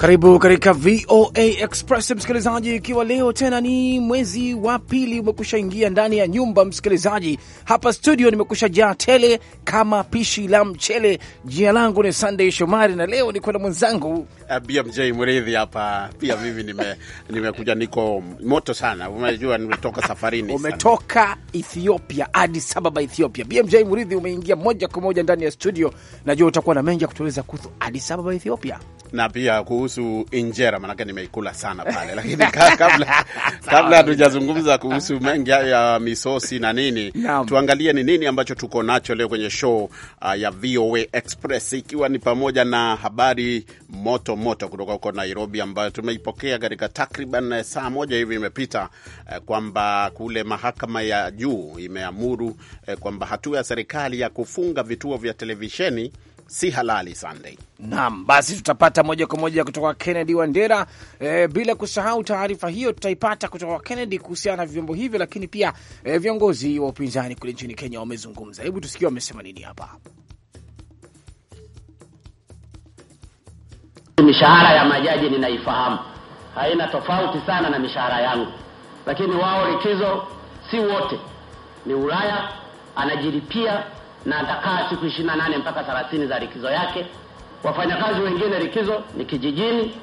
Karibu katika VOA Express msikilizaji, ikiwa leo tena ni mwezi wa pili umekusha ingia ndani ya nyumba. Msikilizaji, hapa studio nimekusha jaa tele kama pishi la mchele. Jina langu ni Sunday Shomari na leo niko na mwenzangu ah, BMJ Mridhi hapa pia. Mimi nime niko moto sana, umejua nimetoka safarini. Umetoka Ethiopia, Addis Ababa, Ethiopia. BMJ Mridhi, umeingia moja kwa moja ndani ya studio, najua utakuwa na mengi ya kutueleza kuhusu Addis Ababa, Ethiopia na pia kuhusu injera, maanake nimeikula sana pale lakini kabla kabla hatujazungumza kuhusu mengi hayo ya misosi na nini Naam. tuangalie ni nini ambacho tuko nacho leo kwenye show uh, ya VOA Express ikiwa ni pamoja na habari moto moto kutoka huko Nairobi ambayo tumeipokea katika takriban eh, saa moja hivi imepita, eh, kwamba kule mahakama ya juu imeamuru eh, kwamba hatua ya serikali ya kufunga vituo vya televisheni si halali Sunday. Naam, basi tutapata moja kwa moja kutoka Kennedy Wandera. E, bila kusahau taarifa hiyo tutaipata kutoka kwa Kennedy kuhusiana na vyombo hivyo, lakini pia e, viongozi wa upinzani kule nchini Kenya wamezungumza. Hebu tusikie wamesema nini hapa. Mishahara ya majaji ninaifahamu, haina tofauti sana na mishahara yangu, lakini wao likizo si wote, ni Ulaya, anajilipia na atakaa siku ishirini na nane mpaka thelathini za likizo yake. Wafanyakazi wengine likizo ni kijijini.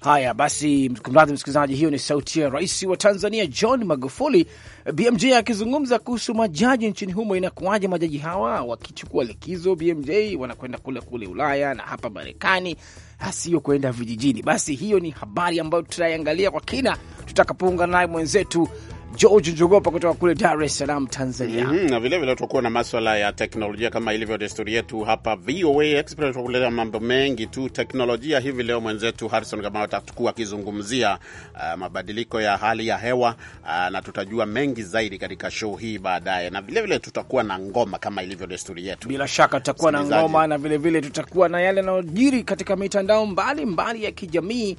Haya basi, kumradhi msikilizaji, hiyo ni sauti ya rais wa Tanzania John Magufuli. BMJ akizungumza kuhusu majaji nchini humo. Inakuwaje majaji hawa wakichukua likizo? BMJ wanakwenda kule kule Ulaya na hapa Marekani, asiyo kwenda vijijini. Basi hiyo ni habari ambayo tutaiangalia kwa kina tutakapoungana naye mwenzetu George Njogopa kutoka kule Dar es Salaam, Tanzania. mm -hmm. Na vilevile tutakuwa na maswala ya teknolojia kama ilivyo desturi yetu hapa VOA Express, tutakuleta mambo mengi tu teknolojia. Hivi leo mwenzetu Harrison kama atakuwa akizungumzia uh, mabadiliko ya hali ya hewa uh, na tutajua mengi zaidi katika show hii baadaye, na vilevile tutakuwa na ngoma kama ilivyo desturi yetu. Bila shaka tutakuwa na ngoma na vilevile tutakuwa na yale yanayojiri katika mitandao mbalimbali mbali ya kijamii,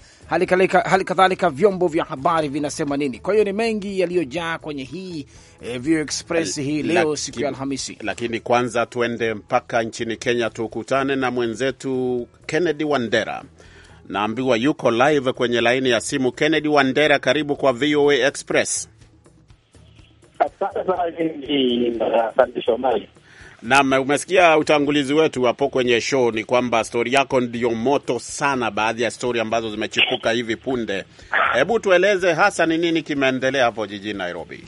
hali kadhalika vyombo vya habari vinasema nini. Kwa hiyo ni mengi yali iliyojaa kwenye hii eh, Vio Express hii leo siku ya Alhamisi. Lakini kwanza tuende mpaka nchini Kenya tukutane na mwenzetu Kennedy Wandera, naambiwa yuko live kwenye laini ya simu. Kennedy Wandera, karibu kwa VOA Express. Asante Naam, umesikia utangulizi wetu hapo kwenye show. Ni kwamba stori yako ndiyo moto sana, baadhi ya stori ambazo zimechipuka hivi punde. Hebu tueleze hasa ni nini kimeendelea hapo jijini Nairobi?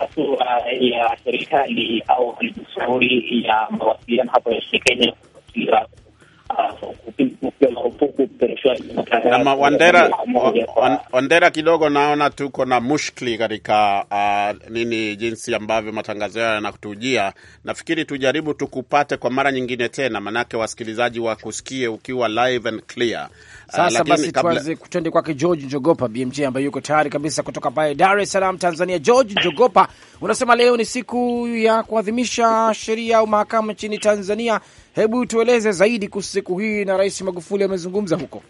hatua eh, ya serikali au halmashauri ya mawasiliano hapo nchini Kenya na Wandera, Wandera, kidogo naona tuko na mushkili katika uh, nini, jinsi ambavyo matangazo yayo yanatujia Nafikiri tujaribu tukupate kwa mara nyingine tena, manake wasikilizaji wakusikie ukiwa live and clear. Ah, Sasa uh, basi tuanze kwake George Njogopa BMJ ambaye yuko tayari kabisa kutoka pale Dar es Salaam, Tanzania. George Njogopa, unasema leo ni siku ya kuadhimisha sheria au mahakama nchini Tanzania. Hebu tueleze zaidi kuhusu siku hii na Rais Magufuli amezungumza huko.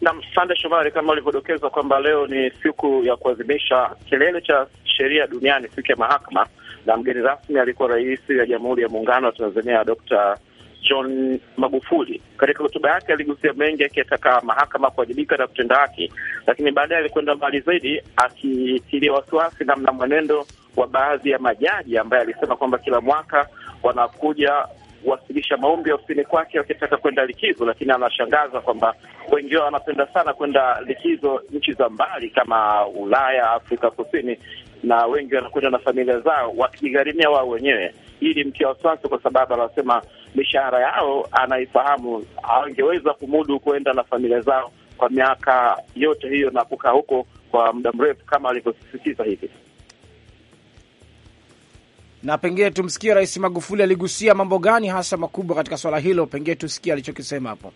Nam sande Shomari, kama ulivyodokeza kwamba leo ni siku ya kuadhimisha kilele cha sheria duniani, siku ya mahakama, na mgeni rasmi alikuwa Rais ya Jamhuri ya Muungano wa Tanzania Dr. John Magufuli. Katika hotuba yake aligusia mengi, akitaka mahakama kuwajibika na kutenda haki, lakini baadaye alikwenda mbali zaidi akitilia wasiwasi namna mwenendo wa baadhi ya majaji ambaye alisema kwamba kila mwaka wanakuja kuwasilisha maombi ya ofisini kwake wakitaka kwenda likizo, lakini anashangaza kwamba wengi wao wanapenda sana kwenda likizo nchi za mbali kama Ulaya, Afrika Kusini, na wengi wanakwenda na familia zao wakijigharimia wao wenyewe. Hii ilimtia wasiwasi kwa sababu anasema mishahara yao anaifahamu, angeweza kumudu kuenda na familia zao kwa miaka yote hiyo na kukaa huko kwa muda mrefu kama alivyosisitiza hivi na pengine tumsikie Rais Magufuli aligusia mambo gani hasa makubwa katika swala hilo, pengine tusikie alichokisema hapo.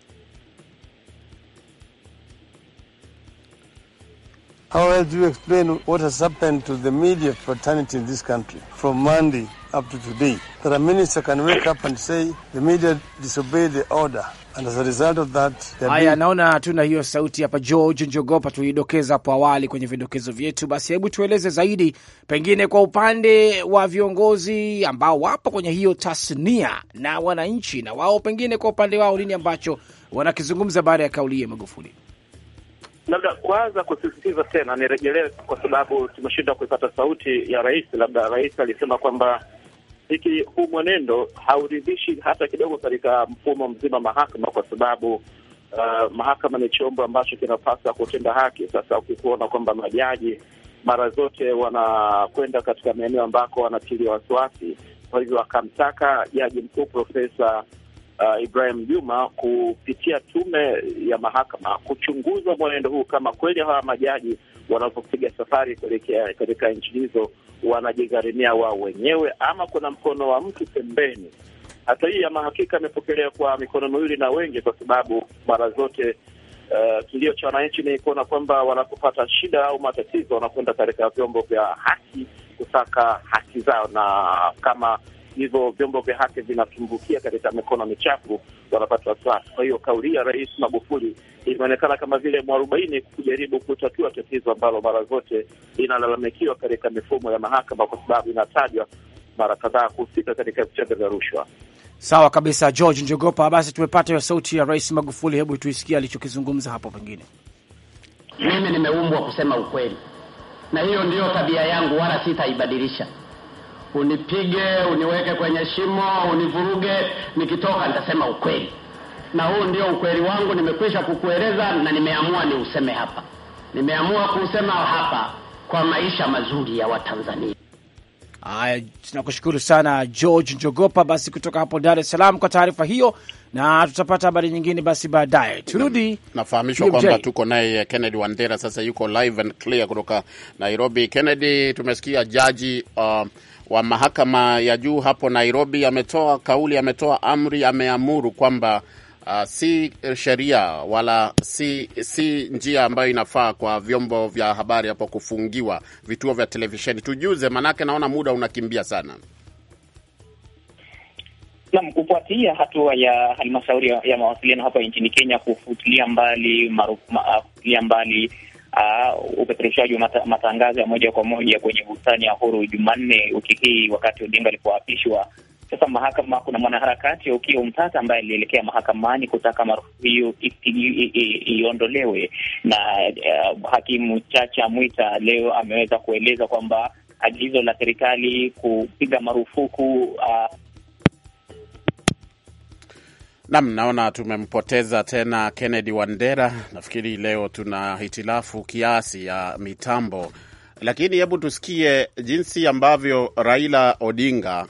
How else do you explain what has happened to the media fraternity in this country from Monday up to today? That a minister can wake up and say the media disobeyed the order. And as a result of that, haya naona hatuna hiyo sauti hapa. George Njogopa tuidokeza hapo awali kwenye vidokezo vyetu. Basi hebu tueleze zaidi, pengine kwa upande wa viongozi ambao wapo kwenye hiyo tasnia na wananchi, na wao pengine kwa upande wao, nini ambacho wanakizungumza baada ya kauli ya Magufuli? labda kwanza kusisitiza tena, nirejelee kwa sababu tumeshindwa kuipata sauti ya rais. Labda rais alisema kwamba hiki huu mwenendo hauridhishi hata kidogo katika mfumo mzima mahakama, kwa sababu uh, mahakama ni chombo ambacho kinapaswa kutenda haki. Sasa ukikuona kwamba majaji mara zote wanakwenda katika maeneo ambako wanatilia wasiwasi, kwa hivyo akamtaka jaji mkuu Profesa uh, Ibrahim Juma kupitia tume ya mahakama kuchunguza mwenendo huu, kama kweli hawa majaji wanapopiga safari kuelekea katika nchi hizo wanajigharimia wao wenyewe ama kuna mkono wa mtu pembeni. Hata hii ama hakika imepokelewa kwa mikono miwili na wengi, kwa sababu mara zote uh, kilio cha wananchi ni kuona kwamba wanapopata shida au matatizo wanakwenda katika vyombo vya haki kusaka haki zao, na kama hivyo vyombo vya haki vinatumbukia katika mikono michafu, wanapata wasiwasi. Kwa hiyo kauli ya Rais Magufuli imeonekana kama vile mwarobaini kujaribu kutatua tatizo ambalo mara zote inalalamikiwa katika mifumo ya mahakama, kwa sababu inatajwa mara kadhaa kuhusika katika vitendo vya rushwa. Sawa kabisa, George Njogopa. Basi tumepata hiyo sauti ya Rais Magufuli, hebu tuisikie alichokizungumza hapo. Pengine mimi nimeumbwa kusema ukweli, na hiyo ndiyo tabia yangu, wala sitaibadilisha unipige, uniweke kwenye shimo, univuruge, nikitoka nitasema ukweli, na huu ndio ukweli wangu. Nimekwisha kukueleza na nimeamua niuseme hapa, nimeamua kuusema hapa kwa maisha mazuri ya Watanzania. Haya, tunakushukuru sana George Njogopa, basi kutoka hapo Dar es Salaam kwa taarifa hiyo, na tutapata habari nyingine basi baadaye. Turudi, nafahamishwa kwamba tuko naye Kennedy Wandera, sasa yuko live and clear kutoka Nairobi. Kennedy, tumesikia jaji uh, wa mahakama ya juu hapo Nairobi ametoa kauli, ametoa amri, ameamuru kwamba uh, si sheria wala si, si njia ambayo inafaa kwa vyombo vya habari hapo kufungiwa vituo vya televisheni. Tujuze, manake naona muda unakimbia sana. Naam, kufuatia hatua ya halmashauri ya mawasiliano hapa nchini Kenya kufutilia mbali marufuku, mbali uh, ah, upeperushaji wa mata, matangazo ya moja kwa moja kwenye bustani ya huru Jumanne wiki hii wakati Odinga alipoapishwa. Sasa mahakama, kuna mwanaharakati Ukio mtata ambaye alielekea mahakamani kutaka marufuku hiyo iondolewe, na uh, hakimu Chacha Mwita leo ameweza kueleza kwamba agizo la serikali kupiga marufuku uh, Nam, naona tumempoteza tena Kennedy Wandera. Nafikiri leo tuna hitilafu kiasi ya mitambo, lakini hebu tusikie jinsi ambavyo Raila Odinga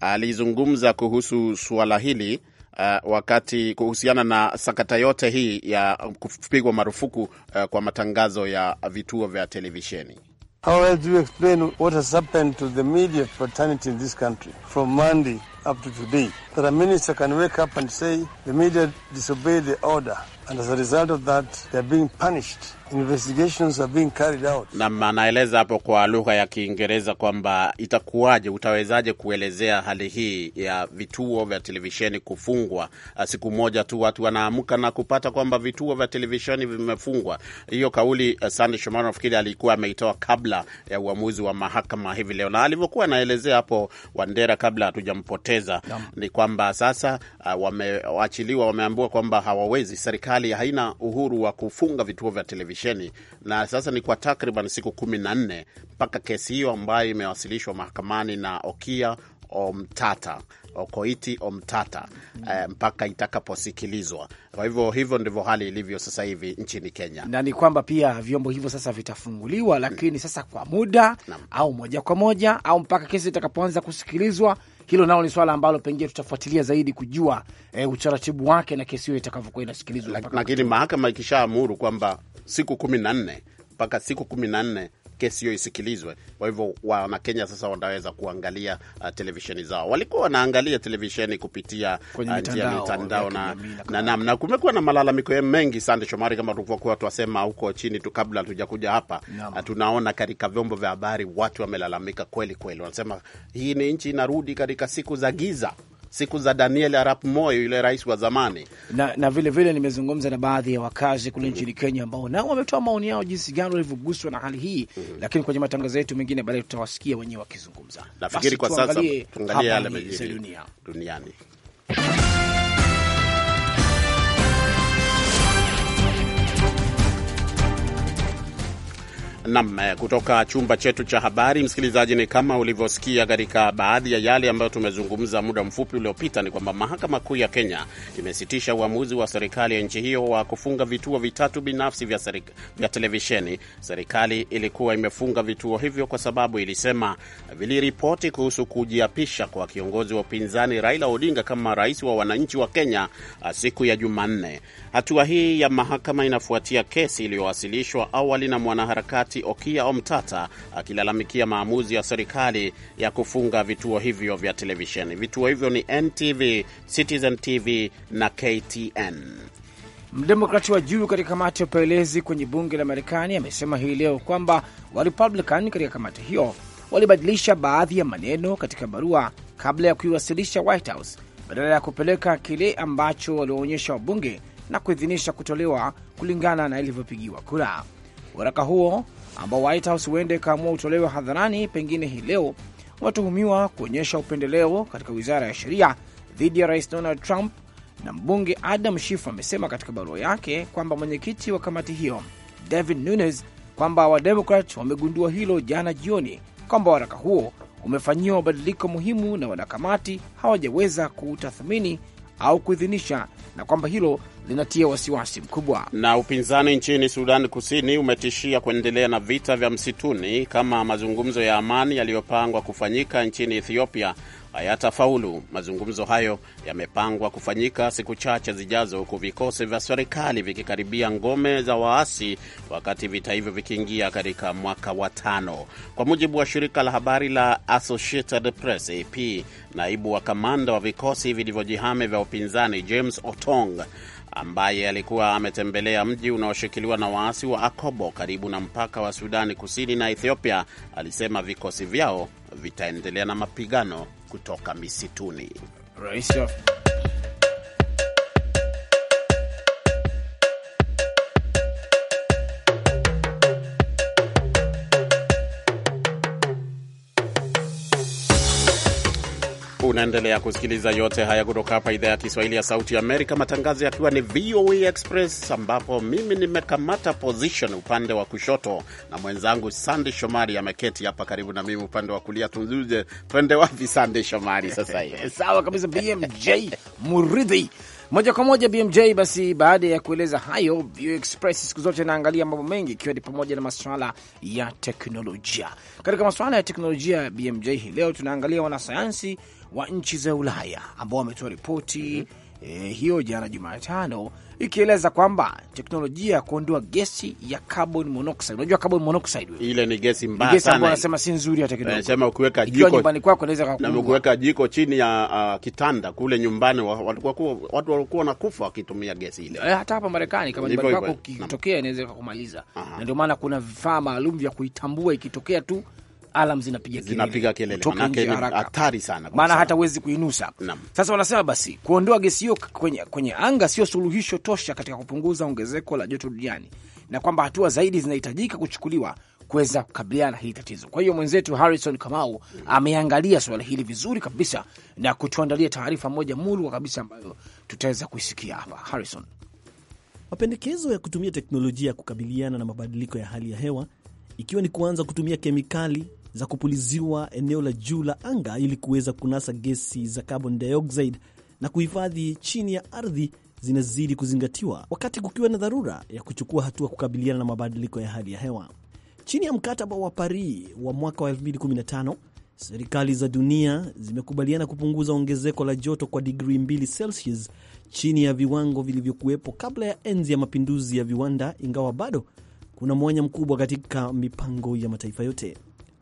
alizungumza kuhusu suala hili uh, wakati kuhusiana na sakata yote hii ya kupigwa marufuku uh, kwa matangazo ya vituo vya televisheni. How else do you explain what has happened to the media fraternity in this country from Monday up to today that a minister can wake up and say the media disobeyed the order and as a result of that they are being punished investigations are being carried out. Na anaeleza hapo kwa lugha ya Kiingereza kwamba itakuwaje, utawezaje kuelezea hali hii ya vituo vya televisheni kufungwa ah, siku moja tu, watu wanaamka na kupata kwamba vituo vya televisheni vimefungwa. Hiyo kauli uh, ah, sandy Shomari nafikiri alikuwa ameitoa kabla ya uamuzi wa mahakama hivi leo, na alivyokuwa anaelezea hapo Wandera kabla hatujampotea kujitokeza Ni kwamba sasa uh, wameachiliwa, wameambiwa kwamba hawawezi, serikali haina uhuru wa kufunga vituo vya televisheni, na sasa ni kwa takriban siku kumi na nne mpaka kesi hiyo ambayo imewasilishwa mahakamani na Okia Omtata Okoiti Omtata eh, mpaka itakaposikilizwa. Kwa hivyo hivyo ndivyo hali ilivyo sasa hivi nchini Kenya, na ni kwamba pia vyombo hivyo sasa vitafunguliwa, lakini sasa kwa muda na, au moja kwa moja au mpaka kesi itakapoanza kusikilizwa. Hilo nalo ni swala ambalo pengine tutafuatilia zaidi kujua eh, utaratibu wake na kesi hiyo itakavyokuwa inasikilizwa, lakini mahakama ikishaamuru kwamba siku kumi na nne mpaka siku kumi na nne kesi hiyo isikilizwe. Kwa hivyo Wanakenya sasa wanaweza kuangalia uh, televisheni zao. Walikuwa wanaangalia televisheni kupitia uh, njia mitandao na namna. Kumekuwa na malalamiko mengi, Sande Shomari, kama tulivyokuwa twasema huko chini tu kabla hatujakuja hapa. Uh, tunaona katika vyombo vya habari watu wamelalamika kweli kweli, wanasema hii ni nchi inarudi katika siku za giza siku za Daniel Arap Moi, yule rais wa zamani, na, na vile vile nimezungumza na baadhi ya wakazi kule nchini Kenya ambao nao wametoa maoni yao jinsi gani walivyoguswa na hali hii mm -hmm. Lakini kwenye matangazo yetu mengine baadaye tutawasikia wenyewe wakizungumza. Nafikiri kwa sasa tuangalie yale duniani. Nam, eh, kutoka chumba chetu cha habari, msikilizaji, ni kama ulivyosikia katika baadhi ya yale ambayo tumezungumza muda mfupi uliopita, ni kwamba mahakama kuu ya Kenya imesitisha uamuzi wa serikali ya nchi hiyo wa kufunga vituo vitatu binafsi vya, vya televisheni. Serikali ilikuwa imefunga vituo hivyo kwa sababu ilisema viliripoti kuhusu kujiapisha kwa kiongozi wa upinzani Raila Odinga kama rais wa wananchi wa Kenya eh, siku ya Jumanne. Hatua hii ya mahakama inafuatia kesi iliyowasilishwa awali na mwanaharakati Liberty Okia Omtata akilalamikia maamuzi ya serikali ya kufunga vituo hivyo vya televisheni. Vituo hivyo ni NTV, Citizen TV na KTN. Mdemokrati wa juu katika kamati ya upelelezi kwenye bunge la Marekani amesema hii leo kwamba Warepublican katika kamati hiyo walibadilisha baadhi ya maneno katika barua kabla ya kuiwasilisha White House badala ya kupeleka kile ambacho walioonyesha wabunge na kuidhinisha kutolewa kulingana na ilivyopigiwa kura. Waraka huo ambao White House huende kaamua utolewe hadharani pengine hii leo, watuhumiwa kuonyesha upendeleo katika wizara ya sheria dhidi ya rais Donald Trump, na mbunge Adam Schiff amesema katika barua yake kwamba mwenyekiti wa kamati hiyo David Nunes kwamba Wademokrat wamegundua hilo jana jioni, kwamba waraka huo umefanyiwa mabadiliko muhimu na wanakamati hawajaweza kuutathmini au kuidhinisha na kwamba hilo linatia wasiwasi mkubwa. Na upinzani nchini Sudan Kusini umetishia kuendelea na vita vya msituni kama mazungumzo ya amani yaliyopangwa kufanyika nchini Ethiopia hayatafaulu. Mazungumzo hayo yamepangwa kufanyika siku chache zijazo, huku vikosi vya serikali vikikaribia ngome za waasi, wakati vita hivyo vikiingia katika mwaka wa tano, kwa mujibu wa shirika la habari la Associated Press AP. Naibu wa kamanda wa vikosi vilivyojihame vya upinzani James Otong ambaye alikuwa ametembelea mji unaoshikiliwa na waasi wa Akobo karibu na mpaka wa Sudani Kusini na Ethiopia, alisema vikosi vyao vitaendelea na mapigano kutoka misituni. Unaendelea kusikiliza yote haya kutoka hapa idhaa ya Kiswahili ya Sauti ya Amerika, matangazo yakiwa ni VOA Express, ambapo mimi nimekamata position upande wa kushoto na mwenzangu Sande Shomari ameketi hapa karibu na mimi upande wa kulia. Tuzuze twende wapi, Sande Shomari? Sasa hivi sawa kabisa, BMJ Muridhi moja kwa moja BMJ. Basi baada ya kueleza hayo, View Express siku zote inaangalia mambo mengi, ikiwa ni pamoja na masuala ya teknolojia. Katika masuala ya teknolojia BMJ, hii leo tunaangalia wanasayansi wa nchi za Ulaya ambao wametoa ripoti mm -hmm e, hiyo jana Jumatano, ikieleza kwamba teknolojia ya kuondoa gesi ya carbon monoxide. Unajua carbon monoxide ile ni gesi mbaya sana, gesi ambayo anasema si nzuri hata kidogo. Anasema ukiweka jiko nyumbani kwako inaweza kukuua, na ukiweka jiko chini ya uh, kitanda kule nyumbani, watu walikuwa wanakufa wakitumia gesi ile. Eh, hata hapa Marekani kama nyumbani kwako ikitokea inaweza kukumaliza, na ndio maana kuna vifaa maalum vya kuitambua ikitokea tu alam zinapiga zinapiga kelele, manake ni hatari sana, maana hata huwezi kuinusa. Sasa wanasema basi kuondoa gesi hiyo kwenye, kwenye anga sio suluhisho tosha katika kupunguza ongezeko la joto duniani na kwamba hatua zaidi zinahitajika kuchukuliwa kuweza kukabiliana na hili tatizo. Kwa hiyo mwenzetu Harrison Kamau ameangalia suala hili vizuri kabisa na kutuandalia taarifa moja murwa kabisa ambayo tutaweza kuisikia hapa. Harrison, mapendekezo ya kutumia teknolojia ya kukabiliana na mabadiliko ya hali ya hewa ikiwa ni kuanza kutumia kemikali za kupuliziwa eneo la juu la anga ili kuweza kunasa gesi za carbon dioxide na kuhifadhi chini ya ardhi zinazidi kuzingatiwa wakati kukiwa na dharura ya kuchukua hatua kukabiliana na mabadiliko ya hali ya hewa. Chini ya mkataba wa Paris wa mwaka wa 2015, serikali za dunia zimekubaliana kupunguza ongezeko la joto kwa digrii 2 Celsius chini ya viwango vilivyokuwepo kabla ya enzi ya mapinduzi ya viwanda, ingawa bado kuna mwanya mkubwa katika mipango ya mataifa yote.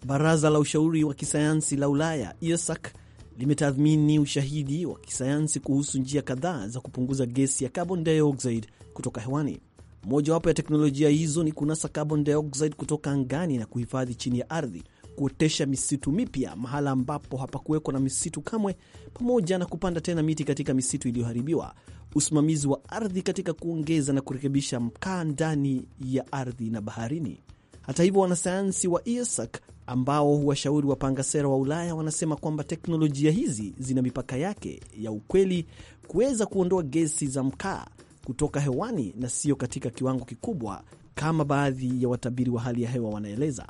Baraza la ushauri wa kisayansi la Ulaya ESAC limetathmini ushahidi wa kisayansi kuhusu njia kadhaa za kupunguza gesi ya carbon dioxide kutoka hewani. Mojawapo ya teknolojia hizo ni kunasa carbon dioxide kutoka angani na kuhifadhi chini ya ardhi, kuotesha misitu mipya mahala ambapo hapakuwekwa na misitu kamwe, pamoja na kupanda tena miti katika misitu iliyoharibiwa, usimamizi wa ardhi katika kuongeza na kurekebisha mkaa ndani ya ardhi na baharini. Hata hivyo, wanasayansi wa ESAC ambao huwashauri wapanga sera wa Ulaya wanasema kwamba teknolojia hizi zina mipaka yake ya ukweli kuweza kuondoa gesi za mkaa kutoka hewani na sio katika kiwango kikubwa kama baadhi ya watabiri wa hali ya hewa wanaeleza.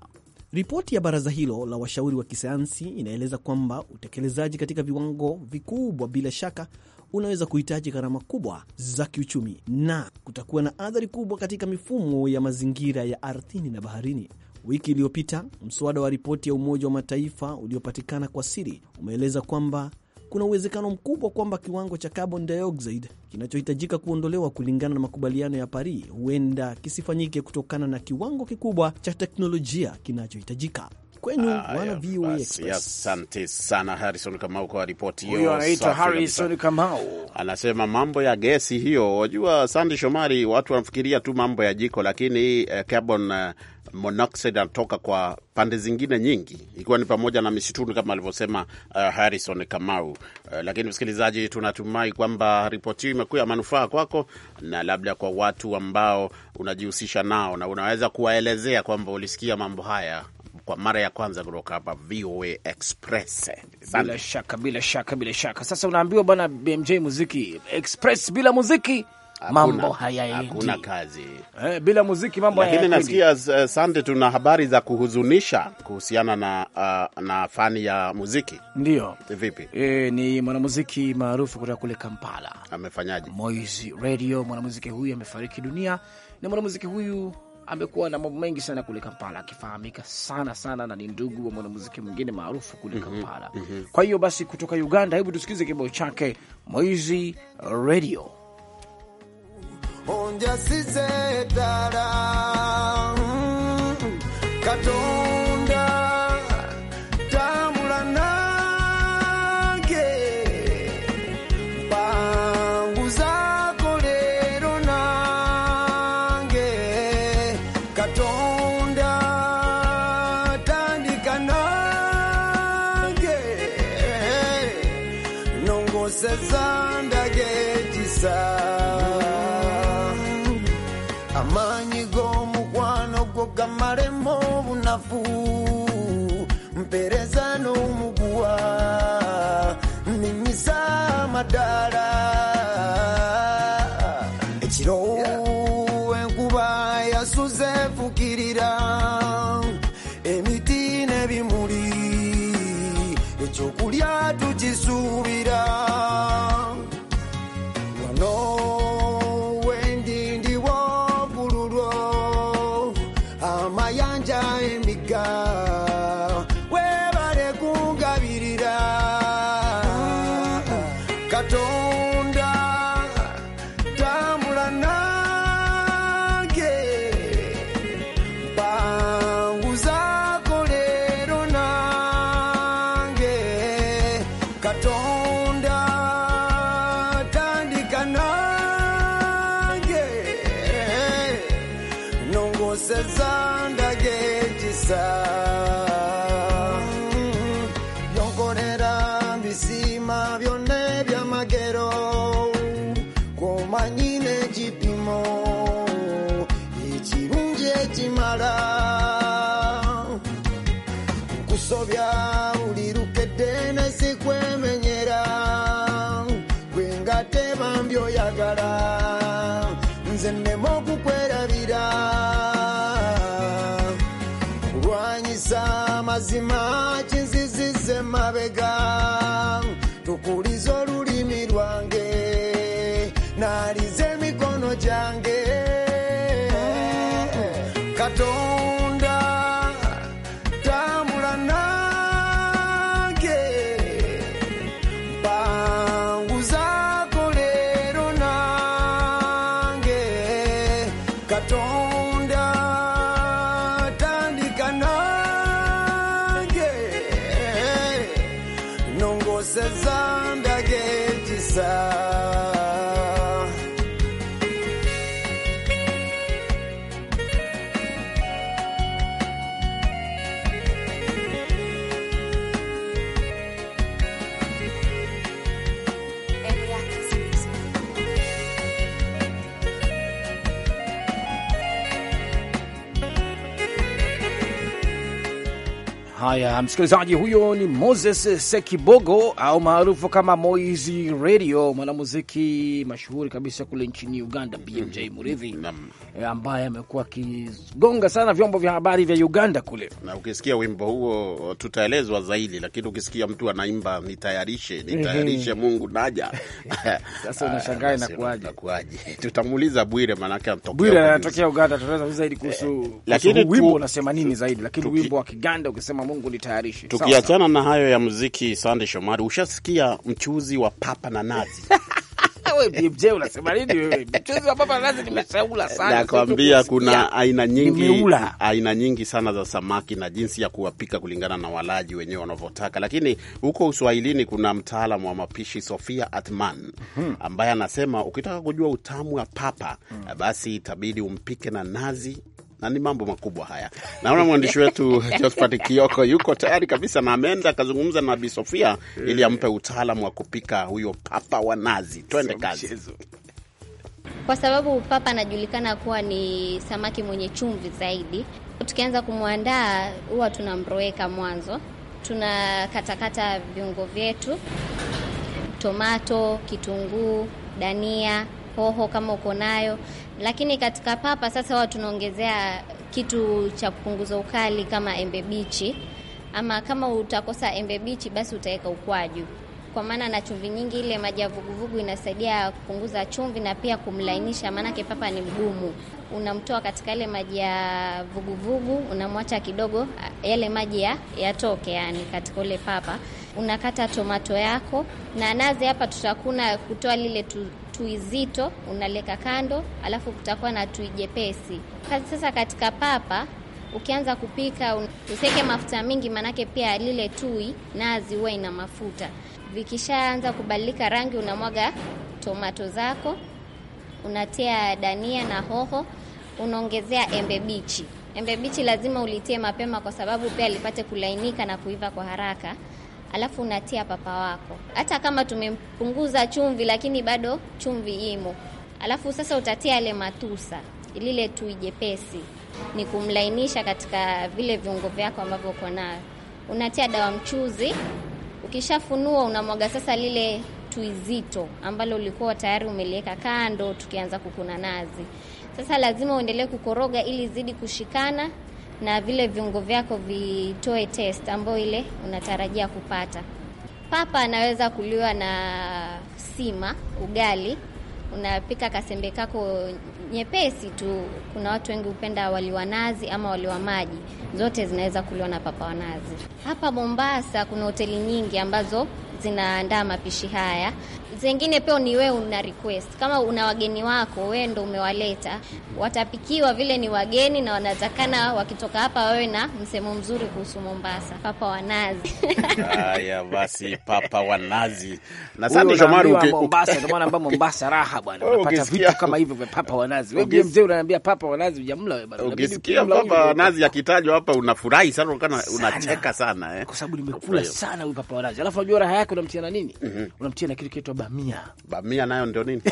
Ripoti ya baraza hilo la washauri wa kisayansi inaeleza kwamba utekelezaji katika viwango vikubwa bila shaka unaweza kuhitaji gharama kubwa za kiuchumi na kutakuwa na athari kubwa katika mifumo ya mazingira ya ardhini na baharini. Wiki iliyopita mswada wa ripoti ya Umoja wa Mataifa uliopatikana kwa siri umeeleza kwamba kuna uwezekano mkubwa kwamba kiwango cha carbon dioxide kinachohitajika kuondolewa kulingana na makubaliano ya Paris huenda kisifanyike kutokana na kiwango kikubwa cha teknolojia kinachohitajika kwenu wana VOA Express. Asante sana Harrison Kamau kwa ripoti hiyo. Anaitwa Harrison Kamau anasema mambo ya gesi hiyo, wajua Sandi Shomari, watu wanafikiria tu mambo ya jiko, lakini eh, carbon eh, monoxide anatoka kwa pande zingine nyingi, ikiwa ni pamoja na misituni kama alivyosema uh, Harrison Kamau. Uh, lakini msikilizaji, tunatumai kwamba ripoti hiyo imekuwa ya manufaa kwako na labda kwa watu ambao unajihusisha nao, na unaweza kuwaelezea kwamba ulisikia mambo haya kwa mara ya kwanza kutoka hapa VOA Express. Bila shaka, bila shaka, bila shaka. Sasa unaambiwa bwana BMJ muziki Express, bila muziki mambo hayaendi, hakuna kazi eh, bila muziki mambo hayaendi. Lakini nasikia eh, Sande, tuna habari za kuhuzunisha kuhusiana na, uh, na fani ya muziki. Ndio vipi? E, ni mwanamuziki maarufu kutoka kule Kampala. Amefanyaje? Radio, mwanamuziki huyu amefariki dunia, na mwanamuziki huyu amekuwa na mambo mengi sana kule Kampala, akifahamika sana sana na ni ndugu wa mwanamuziki mwingine maarufu kule mhm, Kampala. mm -hmm. Kwa hiyo basi, kutoka Uganda, hebu tusikize kibao chake Mwizi Radio. ddaala ekiro enkuba yasuze fukirira emiti n'ebimuli ekyokulya tukisuubira mazima kinzizizza emabega tukuliza olulimi lwange naaliza emikono gyange Amandaa Haya, msikilizaji, huyo ni Moses Sekibogo au maarufu kama Moizi Radio, mwanamuziki mashuhuri kabisa kule nchini Uganda, mhm. BMJ Muridhi, eh, ambaye amekuwa akigonga sana vyombo vya habari vya Uganda kule. Na ukisikia wimbo huo tutaelezwa zaidi, lakini ukisikia mtu anaimba nitayarishe, nitayarishe Mungu naja, sasa unashangaa inakuaje? Tutamuuliza Bwire, maanake anatokea Uganda, tutaweza zaidi kuhusu eh, wimbo unasema nini zaidi, lakini wimbo wa Kiganda ukisema Mungu nitayarishe. Tukiachana na hayo ya muziki, Sande Shomari, ushasikia mchuzi wa papa na nazi? Nakwambia kuna aina nyingi, aina nyingi sana za samaki na jinsi ya kuwapika kulingana na walaji wenyewe wanavyotaka. Lakini huko Uswahilini kuna mtaalamu wa mapishi Sofia Atman mhm. ambaye anasema ukitaka kujua utamu wa papa mhm. basi itabidi umpike na nazi na ni mambo makubwa haya. Naona mwandishi wetu Josphat Kioko yuko tayari kabisa, na ameenda akazungumza na Bi Sofia eh. ili ampe utaalamu wa kupika huyo papa wa nazi. Twende kazi. Kwa sababu papa anajulikana kuwa ni samaki mwenye chumvi zaidi, tukianza kumwandaa huwa tunamroweka mwanzo, tunakatakata viungo vyetu, tomato, kitunguu, dania, hoho kama uko nayo lakini katika papa sasa huwa tunaongezea kitu cha kupunguza ukali kama embe bichi, ama kama utakosa embe bichi, basi utaweka ukwaju, kwa maana na chumvi nyingi, ile maji ya vuguvugu inasaidia kupunguza chumvi na pia kumlainisha, maanake papa ni mgumu. Unamtoa katika ile maji ya vuguvugu, unamwacha kidogo yale maji yatoke, yani katika ule papa unakata tomato yako na nazi. Hapa tutakuna kutoa lile tu tui zito unaleka kando, alafu kutakuwa na tui jepesi. Sasa katika papa ukianza kupika usiweke mafuta mingi, maanake pia lile tui nazi huwa ina mafuta. Vikishaanza kubadilika rangi, unamwaga tomato zako, unatia dania na hoho, unaongezea embe bichi. Embe bichi lazima ulitie mapema, kwa sababu pia lipate kulainika na kuiva kwa haraka alafu unatia papa wako. Hata kama tumepunguza chumvi, lakini bado chumvi imo. Alafu sasa utatia yale matusa, lile tui jepesi, ni kumlainisha katika vile viungo vyako ambavyo uko nayo. Unatia dawa mchuzi, ukishafunua unamwaga sasa lile tui zito ambalo ulikuwa tayari umeliweka kando, tukianza kukuna nazi. Sasa lazima uendelee kukoroga ili zidi kushikana na vile viungo vyako vitoe test ambayo ile unatarajia kupata. Papa anaweza kuliwa na sima, ugali, unapika kasembe kako nyepesi tu. Kuna watu wengi hupenda wali wa nazi ama wali wa maji, zote zinaweza kuliwa na papa wa nazi. Hapa Mombasa kuna hoteli nyingi ambazo zinaandaa mapishi haya Zengine pia ni wewe una request, kama una wageni wako wewe ndo umewaleta, watapikiwa vile ni wageni na wanatakana wakitoka hapa wewe na msemo mzuri kuhusu Mombasa, papa wa nazi. Haya basi, papa wa nazi na sante Shomari uki... Mombasa ndio maana ambapo Mombasa raha bwana, unapata vitu kama hivyo vya papa wa nazi. Wewe mzee unaniambia papa wa nazi hujamla wewe bwana, ukisikia papa wa nazi akitajwa hapa unafurahi sana, unakana unacheka sana eh, kwa sababu nimekula sana huyu papa wa nazi. Alafu unajua raha yake unamtia na nini? Mhm. Unamtia na kitu kitu bamia. Bamia nayo ndio nini?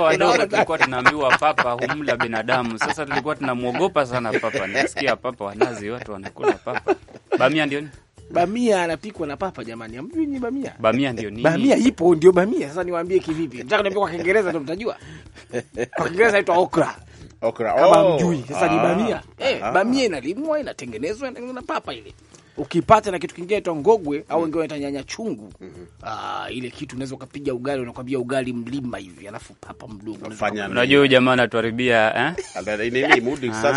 Wadogo tulikuwa tunaambiwa papa humla binadamu. Sasa tulikuwa tunamwogopa sana papa, nasikia papa wanazi, watu wanakula papa. Bamia ndio nini? Bamia anapikwa na papa jamani, hamjui ni bamia? Bamia ndio nini? Bamia ipo ndio bamia. Sasa niwaambie kivipi? Nataka niambie kwa Kiingereza ndio mtajua. Kwa Kiingereza inaitwa okra. Okra. Kama oh, mjui. Sasa ah, ni bamia. Eh, ah, bamia inalimwa, inatengenezwa, inatengenezwa na papa ile ukipata na kitu kingine ta ngogwe au mm-hmm. wengine wanaita nyanya chungu. mm -hmm. Ah, ile kitu unaweza ukapiga ugali, unakwambia ugali mlima hivi, alafu papa mdogo. Unajua huyu jamaa anatuharibia eh? ah,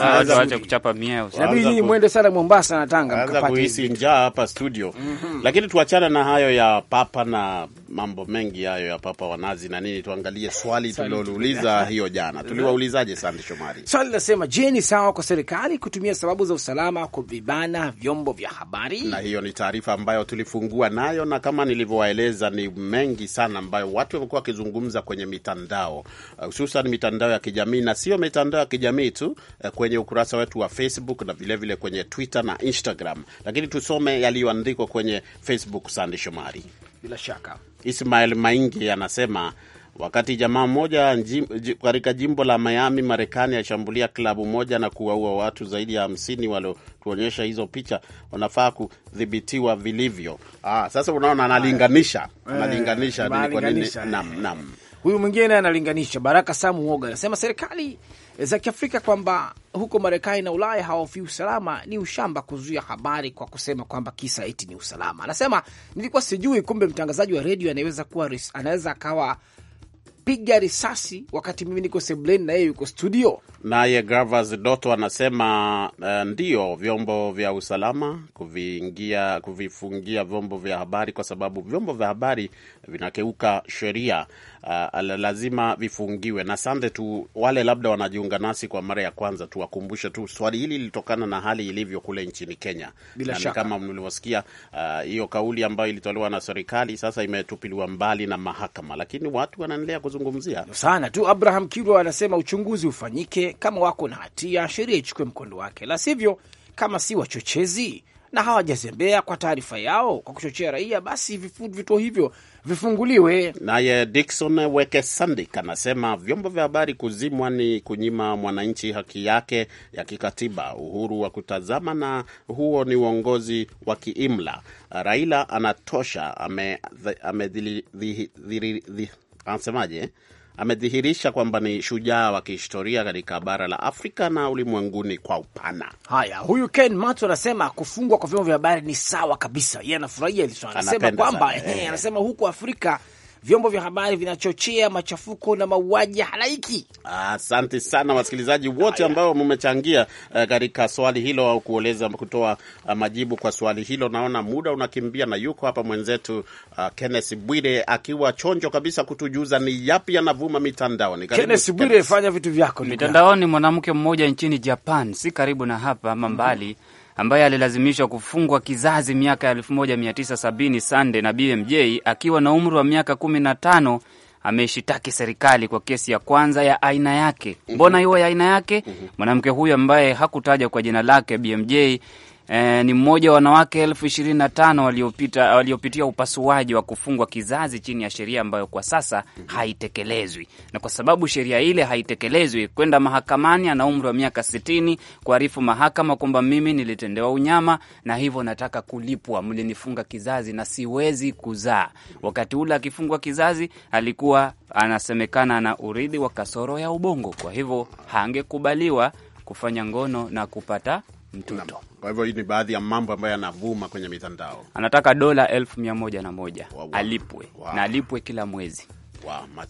ah, acha kuchapa mieo, inabidi nyinyi mwende sana Mombasa na Tanga mkapate njaa hapa studio. mm -hmm. Lakini tuachana na hayo ya papa na mambo mengi hayo ya papa wanazi na nini. Tuangalie swali tulilouliza hiyo jana. Tuliwaulizaje, Sande Shomari? Swali linasema, je, ni sawa kwa serikali kutumia sababu za usalama kuvibana vyombo vya habari? Na hiyo ni taarifa ambayo tulifungua nayo, na kama nilivyowaeleza, ni mengi sana ambayo watu wamekuwa wakizungumza kwenye mitandao, uh, hususan mitandao ya kijamii, na sio mitandao ya kijamii tu, uh, kwenye ukurasa wetu wa Facebook na vilevile vile kwenye Twitter na Instagram, lakini tusome yaliyoandikwa kwenye Facebook, Sande Shomari. Bila shaka Ismail Maingi anasema wakati jamaa mmoja katika jimbo la Miami, Marekani, ashambulia klabu moja na kuwaua watu zaidi ya hamsini waliotuonyesha hizo picha, wanafaa kudhibitiwa vilivyo. Ah, sasa unaona analinganisha eh, analinganisha, naam, naam Huyu mwingine analinganisha, Baraka Samu Woga anasema serikali za Kiafrika kwamba huko Marekani na Ulaya hawahofii usalama ni ushamba kuzuia habari kwa kusema kwamba kisa eti ni usalama. Anasema nilikuwa sijui, kumbe mtangazaji wa redio anaweza kuwa anaweza akawa piga risasi wakati mimi niko sebleni na yeye yuko studio. Naye Gravas Doto anasema uh, ndio vyombo vya usalama kuviingia kuvifungia vyombo vya habari, kwa sababu vyombo vya habari vinakeuka sheria uh, lazima vifungiwe. Na sande tu wale labda wanajiunga nasi kwa mara ya kwanza, tuwakumbushe tu swali hili lilitokana na hali ilivyo kule nchini Kenya. Bila shaka kama mlivyosikia uh, hiyo uh, kauli ambayo ilitolewa na serikali sasa imetupiliwa mbali na mahakama, lakini watu wanaendelea kuzungumzia sana tu. Abraham Kirwa anasema uchunguzi ufanyike, kama wako na hatia sheria ichukue mkondo wake, la sivyo kama si wachochezi na hawajazembea kwa taarifa yao kwa kuchochea raia, basi vituo hivyo vifunguliwe. Naye Dikson Weke Sandik anasema vyombo vya habari kuzimwa ni kunyima mwananchi haki yake ya kikatiba, uhuru wa kutazama, na huo ni uongozi wa kiimla. Raila anatosha, amedhihirisha ame amedhihirisha kwamba ni shujaa wa kihistoria katika bara la Afrika na ulimwenguni kwa upana. Haya, huyu Ken Matu anasema kufungwa kwa vyombo vya habari ni sawa kabisa, yeye anafurahia hili swala, anasema kwamba anasema huku Afrika vyombo vya habari vinachochea machafuko na mauaji halaiki. Asante ah, sana wasikilizaji wote ambao mmechangia eh, katika swali hilo au kueleza kutoa uh, majibu kwa swali hilo. Naona muda unakimbia na yuko hapa mwenzetu uh, Kenneth Bwire akiwa chonjo kabisa kutujuza ni yapi yanavuma mitandaoni. Kenneth Bwire, fanya vitu vyako mitandaoni. Mwanamke mmoja nchini Japan, si karibu na hapa ama mbali mm -hmm ambaye alilazimishwa kufungwa kizazi miaka ya 1970 Sande na BMJ akiwa na umri wa miaka 15 ameshitaki serikali kwa kesi ya kwanza ya aina yake. Mbona mhm. iwe ya aina yake? Mhm. Mwanamke huyu ambaye hakutaja kwa jina lake BMJ E, ni mmoja wa wanawake elfu ishirini na tano waliopita waliopitia upasuaji wa kufungwa kizazi chini ya sheria ambayo kwa sasa haitekelezwi, na kwa sababu sheria ile haitekelezwi, kwenda mahakamani, ana umri wa miaka sitini, kuarifu mahakama kwamba mimi nilitendewa unyama na hivyo nataka kulipwa, mlinifunga kizazi na siwezi kuzaa. Wakati ule akifungwa kizazi alikuwa anasemekana na urithi wa kasoro ya ubongo, kwa hivyo hangekubaliwa kufanya ngono na kupata mtoto. Kwa hivyo hii ni baadhi ya mambo ambayo yanavuma kwenye mitandao. Anataka dola elfu mia moja na moja wow, alipwe wow, na alipwe kila mwezi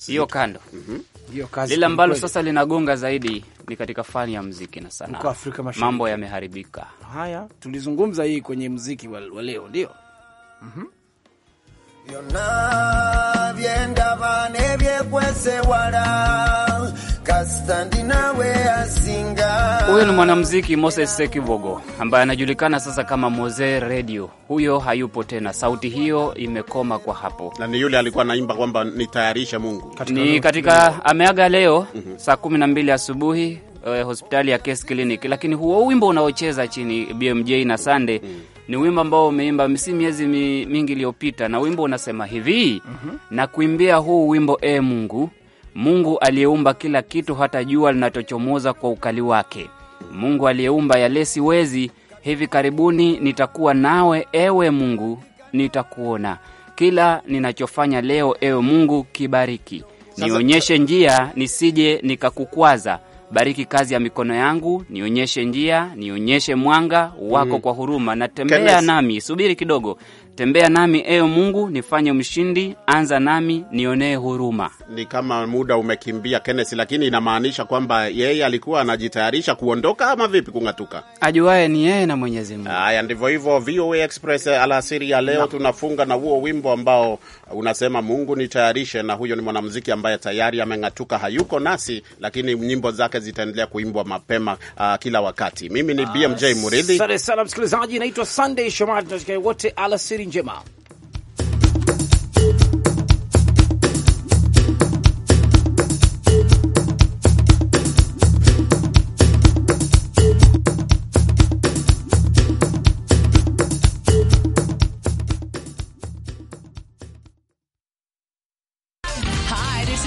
hiyo wow, kando mm -hmm. Lile ambalo sasa linagonga zaidi ni katika fani ya mziki na sanaa, mambo yameharibika. Haya, tulizungumza hii kwenye mziki wa, wa leo ndio mm -hmm. Huyu ni mwanamuziki Moses Sekivogo ambaye anajulikana sasa kama Mose Radio. Huyo hayupo tena, sauti hiyo imekoma kwa hapo, na ni yule alikuwa anaimba kwamba nitayarisha Mungu katika ni katika, ameaga leo mm -hmm. saa kumi na mbili asubuhi eh, hospitali ya Case Clinic. Lakini huo wimbo unaocheza chini BMJ na Sande mm -hmm. ni wimbo ambao umeimba si miezi mingi iliyopita, na wimbo unasema hivi mm -hmm. na kuimbia huu wimbo e Mungu Mungu aliyeumba kila kitu, hata jua linatochomoza kwa ukali wake. Mungu aliyeumba yale siwezi. Hivi karibuni nitakuwa nawe, ewe Mungu, nitakuona. Kila ninachofanya leo, ewe Mungu, kibariki, nionyeshe njia, nisije nikakukwaza. Bariki kazi ya mikono yangu, nionyeshe njia, nionyeshe mwanga wako mm. Kwa huruma natembea nami, subiri kidogo, Tembea nami ewe Mungu, nifanye mshindi, anza nami, nionee huruma. Ni kama muda umekimbia Kenneth, lakini inamaanisha kwamba yeye alikuwa anajitayarisha kuondoka ama vipi? Kung'atuka ajuaye ni yeye na Mwenyezi Mungu. Haya, ndivyo hivyo. VOA Express eh, alasiri ya leo na tunafunga na huo wimbo ambao unasema Mungu nitayarishe, na huyo ni mwanamuziki ambaye tayari ameng'atuka, hayuko nasi, lakini nyimbo zake zitaendelea kuimbwa mapema uh, kila wakati. Mimi ni BMJ Muridhi. Asante sana msikilizaji, naitwa Sunday Shomari, tunasikia wote alasiri 干嘛？